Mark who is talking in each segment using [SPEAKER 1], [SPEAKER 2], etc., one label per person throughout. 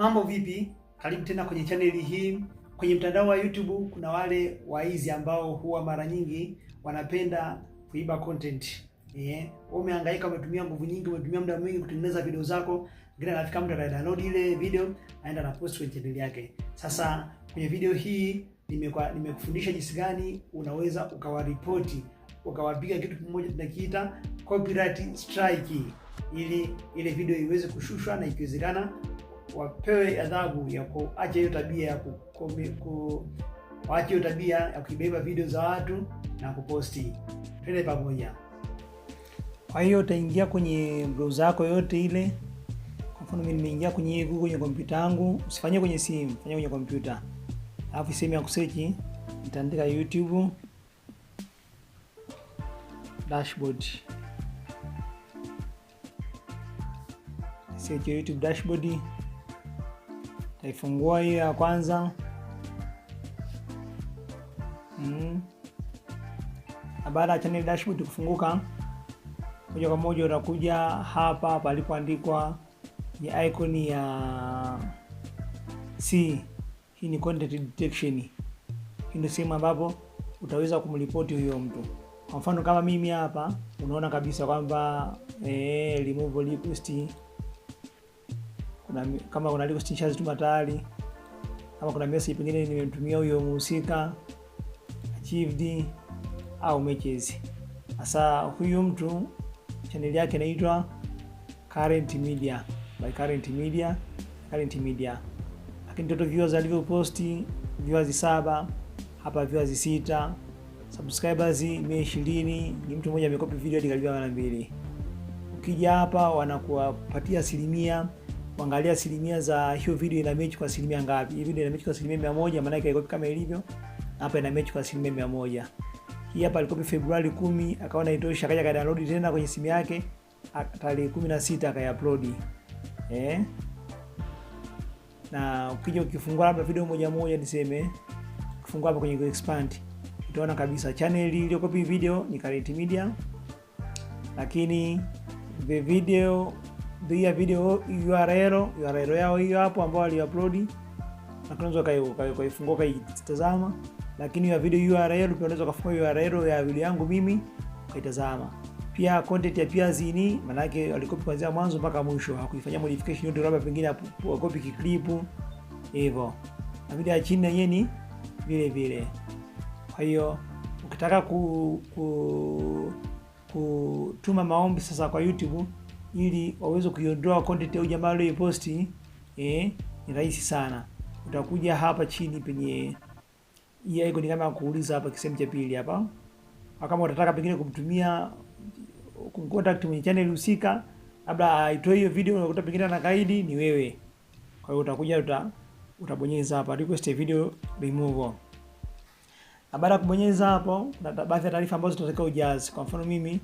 [SPEAKER 1] Mambo vipi? Karibu tena kwenye chaneli hii. Kwenye mtandao wa YouTube kuna wale waizi ambao huwa mara nyingi wanapenda kuiba content. Yeah. Umehangaika, umetumia nguvu nyingi, umetumia muda mwingi kutengeneza video zako, ngine anafika mtu ana download ile video, aenda na post kwenye channel yake. Sasa kwenye video hii nimekwa nimekufundisha jinsi gani unaweza ukawaripoti, ukawapiga kitu kimoja tunakiita copyright strike ili ile video iweze kushushwa na ikiwezekana wapewe adhabu ya kuacha hiyo tabia ya kuacha hiyo tabia ya kuibeba video za watu na kuposti. Twende pamoja. Kwa hiyo utaingia kwenye browser yako yote ile. Kwa mfano mimi nimeingia kwenye Google kwenye kompyuta yangu, usifanyie kwenye simu, fanyia kwenye kompyuta. Alafu sehemu ya kusearch nitaandika YouTube dashboard. YouTube dashboard. Taifungua hiyo ya kwanza mm. Na baada ya channel dashboard kufunguka, moja kwa moja utakuja hapa palipoandikwa ni icon ya C. Hii ni content detection. Hii ndio sehemu ambapo utaweza kumripoti huyo mtu. Kwa mfano kama mimi hapa, unaona kabisa kwamba eh, remove request kuna, kama kuna request nishazituma tayari, kama kuna message pengine nimemtumia huyo mhusika achieved au matches. Sasa huyu mtu chaneli yake inaitwa Current Media by Current Media, Current Media. Lakini toto viewers alivyoposti viewers saba, hapa viewers sita, subscribers mia ishirini. Ni mtu mmoja amekopi video hadi karibia mara mbili. Ukija hapa wanakuwapatia asilimia kuangalia asilimia za hiyo video ina mechi kwa asilimia ngapi. Hii video ina mechi kwa asilimia 100, maana yake kama ilivyo hapa ina mechi kwa asilimia 100. Hii hapa alikopi Februari 10, akaona itosha, akaja ka download tena kwenye simu yake tarehe 16 akaiupload. Eh, na ukija ukifungua labda video moja moja, niseme ukifungua hapa kwenye expand utaona kabisa channel iliyokopi video ni Karate Media, lakini the video hiyo video URL URL yao hiyo hapo ambao waliupload, na unaweza kaifungua kaitazama, lakini ya video URL pia unaweza kufungua URL ya video yangu mimi kaitazama pia. Content ya pia zini, maana yake walikopi kuanzia mwanzo mpaka mwisho, hakuifanyia modification yote, labda pengine wakopi kiclip hivyo, na video ya chini yenyewe ni vile vile. Kwa hiyo ukitaka ku, ku, kutuma maombi sasa kwa YouTube ili waweze kuiondoa content au jamaa aliyoposti eh, ni rahisi sana. Utakuja hapa chini penye hii icon kama kuuliza hapa kisehemu cha pili hapa, kama utataka pengine kumtumia kumcontact mwenye channel husika, labda aitoe hiyo video, unakuta pengine na kaidi ni wewe. Kwa hiyo utakuja uta, utabonyeza hapa request a video removal. Baada ya kubonyeza hapo, kuna baadhi ya taarifa ambazo tunataka ujaze. Kwa mfano mimi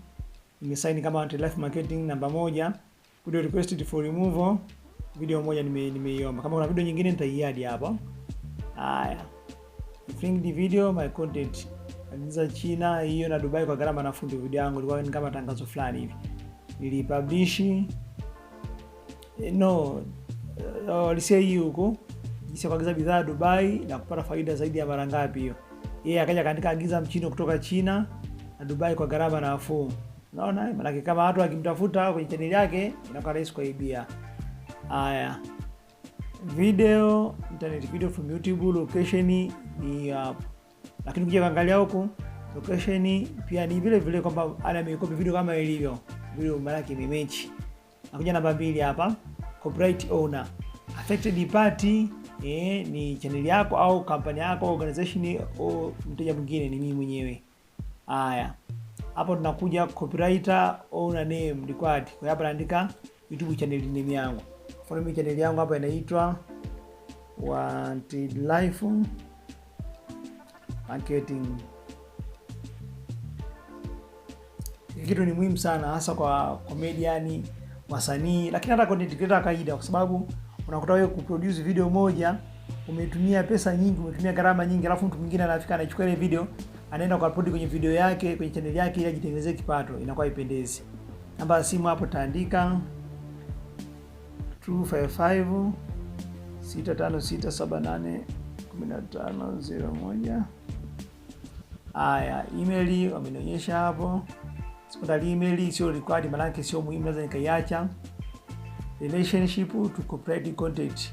[SPEAKER 1] nimesaini kama life marketing namba moja, video requested for removal, video moja nimeiomba nime, kama kuna video nyingine nitaiadi hapo Haya, flinked video my content za China hiyo na Dubai kwa gharama nafuu. Ndio video yangu ilikuwa ni kama tangazo fulani hivi, nilipublish eh, no walisema eh, oh, hii huko jinsi ya kuagiza bidhaa Dubai na kupata faida zaidi ya mara ngapi hiyo. Yeye akaja akaandika agiza mchino kutoka China na Dubai kwa gharama nafuu. Unaona, maanake kama watu wakimtafuta kwenye chaneli yake inakuwa rahisi kuibia. Haya, video internet video from YouTube, location ni hapo, uh, lakini ukija kaangalia huku location pia ni vile vile, kwamba ana ameikopi video kama ilivyo vile maana yake imemechi. Nakuja namba mbili hapa, copyright owner affected party eh, ni chaneli yako au kampani yako, organization au mteja mwingine, ni mimi mwenyewe. Haya hapo tunakuja copywriter owner name required. Kwa hapa naandika YouTube channel name yangu. Mfano mimi channel yangu hapa inaitwa Wanted Life Marketing. Kitu ni muhimu sana hasa kwa comedian, wasanii, lakini hata content creator kaida kwa sababu unakuta wewe kuproduce video moja umetumia pesa nyingi, umetumia gharama nyingi, alafu mtu mwingine anafika anachukua ile video anaenda kwa upload kwenye video yake kwenye chaneli yake ili ajitengenezee kipato, inakuwa ipendezi. Namba ya simu hapo taandika 255 65678 Haya, email wamenionyesha hapo. Sekondari email sio required, maanake sio muhimu, naweza nikaiacha. Relationship to corporate content,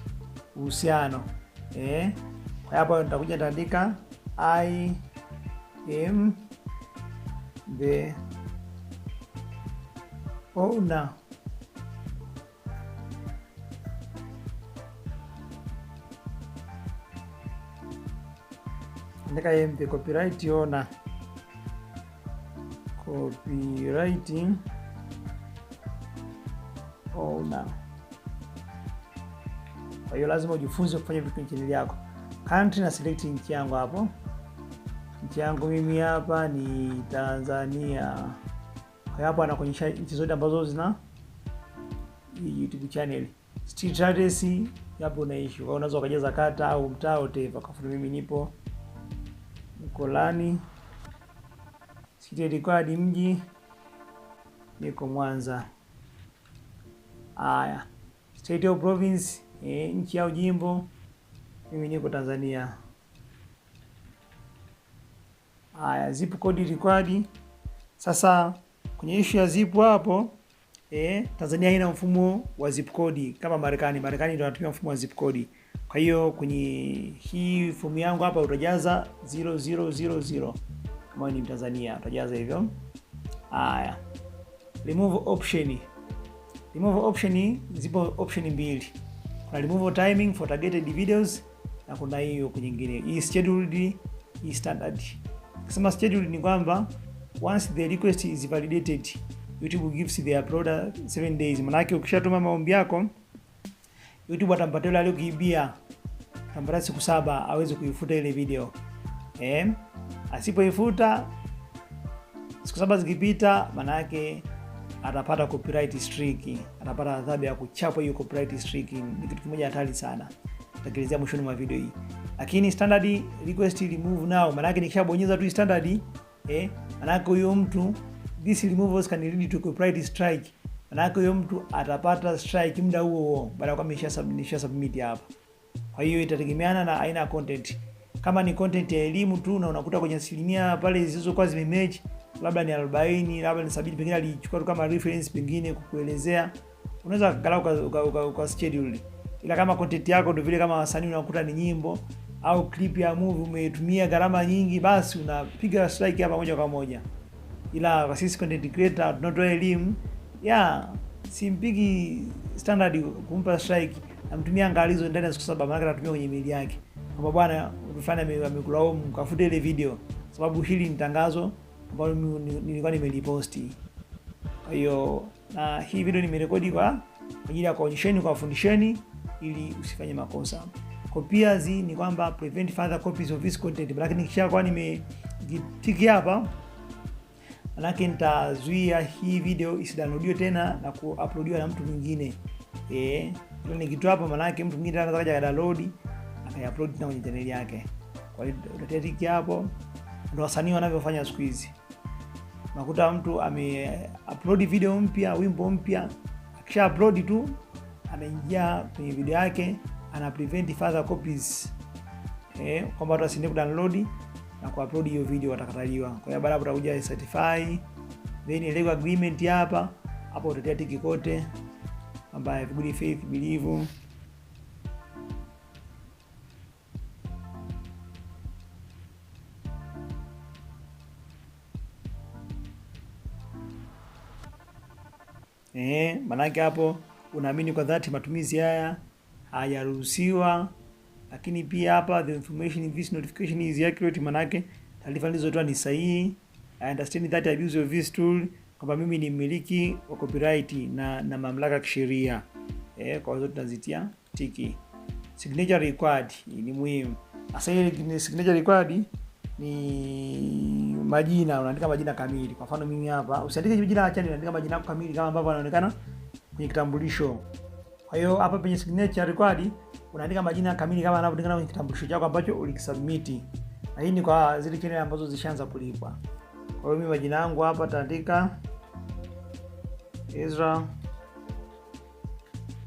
[SPEAKER 1] uhusiano eh. Kwa hapo nitakuja nitaandika i m the owner andika M the copyright owner copywriting owner kwa hiyo lazima ujifunze kufanya vitu nchini yako country na select nchi yangu hapo nchi yangu mimi hapa ni Tanzania. Kwa hiyo hapa anakuonyesha nchi zote ambazo zina YouTube channel. Street address hapo unaishi. Kwa unaweza ukajaza kata au mtaa whatever. Kwa mimi nipo Mkolani. sitedikwadi mji niko Mwanza. Aya. State of province, e, nchi au jimbo. Mimi niko Tanzania. Haya, zip code required. Sasa kwenye issue ya zip hapo eh, Tanzania ina mfumo wa zip code kama Marekani. Marekani ndio wanatumia mfumo wa zip code. Kwa hiyo kwenye hii fomu yangu hapa utajaza 0000 kama ni Mtanzania utajaza hivyo. Haya, remove option. Remove option, zipo option mbili. Kuna remove timing for targeted videos na kuna hiyo kwenye nyingine hii scheduled, hii standard. Customer schedule ni kwamba once the request is validated YouTube gives their product 7 days. Manake ukishatuma maombi yako YouTube atampatia yule aliyokiibia atampatia siku saba aweze kuifuta ile video eh. Asipoifuta siku saba zikipita, manake atapata copyright strike, atapata adhabu ya kuchapwa. Hiyo copyright strike ni kitu kimoja hatari sana, tutakielezea mwishoni mwa video hii lakini standard request remove now, maanake nikishabonyeza tu standard eh, maanake huyo mtu this removal can lead to copyright strike, maanake huyo mtu atapata strike muda huo huo baada ya kwamba nisha submit hapa. Kwa hiyo itategemeana na aina ya content. Kama ni content ya elimu tu na unakuta kwenye asilimia pale zilizokuwa zimemechi labda ni 40 labda ni sabini pengine alichukua tu kama reference, pengine kukuelezea, unaweza ukakaa uka, schedule. Ila kama content yako ndio vile kama wasanii unakuta ni nyimbo au clip ya movie umetumia gharama nyingi, basi unapiga strike hapa moja kwa moja. Ila kwa sisi content creator tunatoa elimu ya simpigi standard kumpa strike, amtumia angalizo ndani ya siku saba, maana anatumia kwenye mili yake kwamba bwana, umefanya amekulaumu, kafute ile video, sababu hili ni tangazo ambalo nilikuwa nimeliposti. Kwa hiyo na hii video nimerekodi kwa ajili ya kuonyesheni, kuwafundisheni ili usifanye makosa. hapo. Copiers ni kwamba prevent further copies of this content, lakini nikisha kwa nime nimejitiki hapa, manake nitazuia hii video isidownloadiwe tena na kuuploadiwa na mtu mwingine eh. Ndio nikitu hapa, manake mtu mwingine anaweza kaja kadownload akaiupload tena kwenye channel yake. Kwa hiyo utatiki hapo, ndio wasanii wanavyofanya siku hizi. Unakuta mtu ameupload video mpya, wimbo mpya, akisha upload tu ameingia kwenye video yake ana prevent further copies eh, kwamba watu wasiende kudownload na kuupload hiyo video watakataliwa. Kwa hiyo baada utakuja certify, then ile agreement hapa hapo utatia tiki kote kwamba good faith believe Eh, manake hapo unaamini kwa dhati matumizi haya hajaruhusiwa. Lakini pia hapa the information in this notification is accurate, manake taarifa nilizotoa ni sahihi. I understand that abuse of this tool, kwamba mimi ni mmiliki wa copyright na na mamlaka kisheria eh, kwa hiyo tunazitia tiki. Signature required ni muhimu. Sasa ile signature required ni majina, unaandika majina kamili. Kwa mfano mimi hapa usiandike jina la channel, unaandika majina yako kamili kama ambavyo yanaonekana kwenye kitambulisho. Kwa hiyo hapa penye signature required unaandika majina kamili kama anavyolingana kwenye kitambulisho chako ambacho ulikisubmit. Na hii ni kwa zile channel ambazo zishaanza kulipwa. Kwa hiyo mimi majina yangu hapa taandika Ezra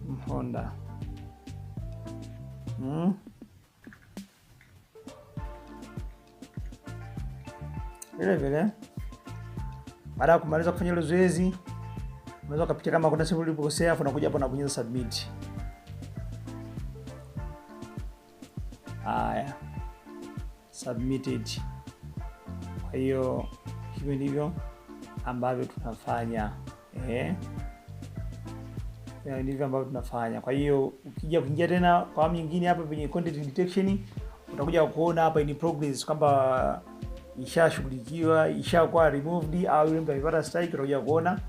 [SPEAKER 1] Mhonda. Hmm. Vile vile baada ya kumaliza kufanya zoezi unaweza ukapitia kama kuna sehemu ulipokosea, afu unakuja hapo unabonyeza submit. Haya, submitted. Kwa hiyo hivyo ndivyo ambavyo tunafanya eh, ndivyo ambavyo tunafanya. Kwa hiyo ukija kuingia tena kwa awamu nyingine hapa kwenye content detection, utakuja kuona hapa in progress kwamba ishashughulikiwa, ishakuwa removed au yule mtu amepata strike, utakuja kuona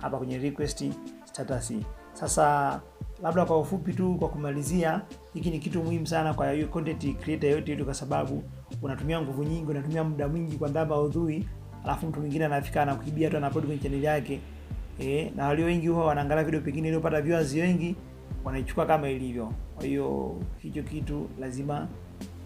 [SPEAKER 1] hapa kwenye request status. hii. Sasa labda kwa ufupi tu, kwa kumalizia, hiki ni kitu muhimu sana kwa hiyo content creator yote ile, kwa sababu unatumia nguvu nyingi, unatumia muda mwingi kwa ndaba udhui, alafu mtu mwingine anafika na kukibia tu, anapodi kwenye channel yake eh, na walio wengi huwa wanaangalia video pengine iliyopata viewers wengi wanaichukua kama ilivyo. Kwa hiyo hicho kitu lazima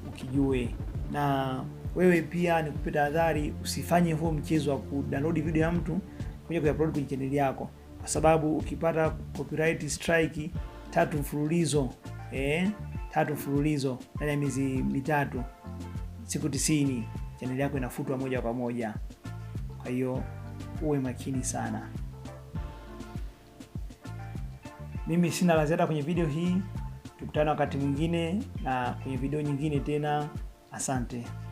[SPEAKER 1] ukijue, na wewe pia nikupe tahadhari, usifanye huo mchezo wa kudownload video ya mtu kuja kuupload kwenye channel yako, kwa sababu ukipata copyright strike tatu mfululizo eh, tatu mfululizo ndani ya miezi mitatu, siku tisini, channel yako inafutwa moja kwa moja. Kwa hiyo uwe makini sana. Mimi sina la ziada kwenye video hii. Tukutane wakati mwingine na kwenye video nyingine tena. Asante.